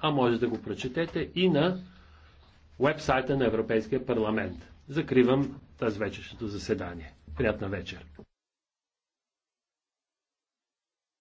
а може да го прочетете и на вебсайта на Европейския парламент. Закривам тази вечершното заседание. Приятна вечер!